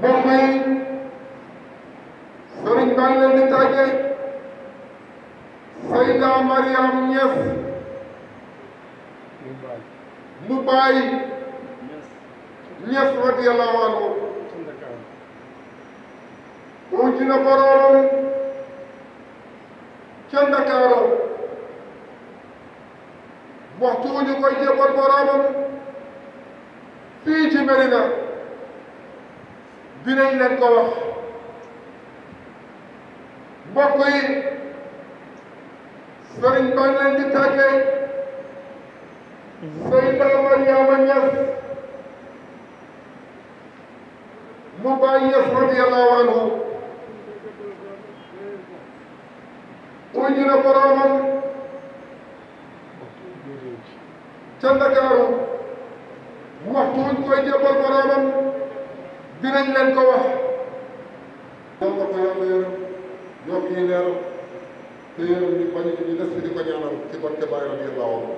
mbokk yi sëriñ baa ngi leen di tàgge Seyda Mariam Niass mu bàyyi Niass radiyallahu na boroom ca Ndakaaru waxtu wu ñu koy jébbal boroomam fii ci Medina dinañ leen ko wax mbokk yi sëriñ ba leen di tàggee Seyda Mariama Ñas mu Baay Ñas radiyallahu anhu uñu na boroomam ca Ndakaaru waxtu wuñ koy jëbbal boroomam dinañ leen ko wax yal na ko yàlla yërëm yokk yi leeram te yërëm ñu bañ ñu des fi di ko ñaanal ci barke Baay radiyallaahu anhu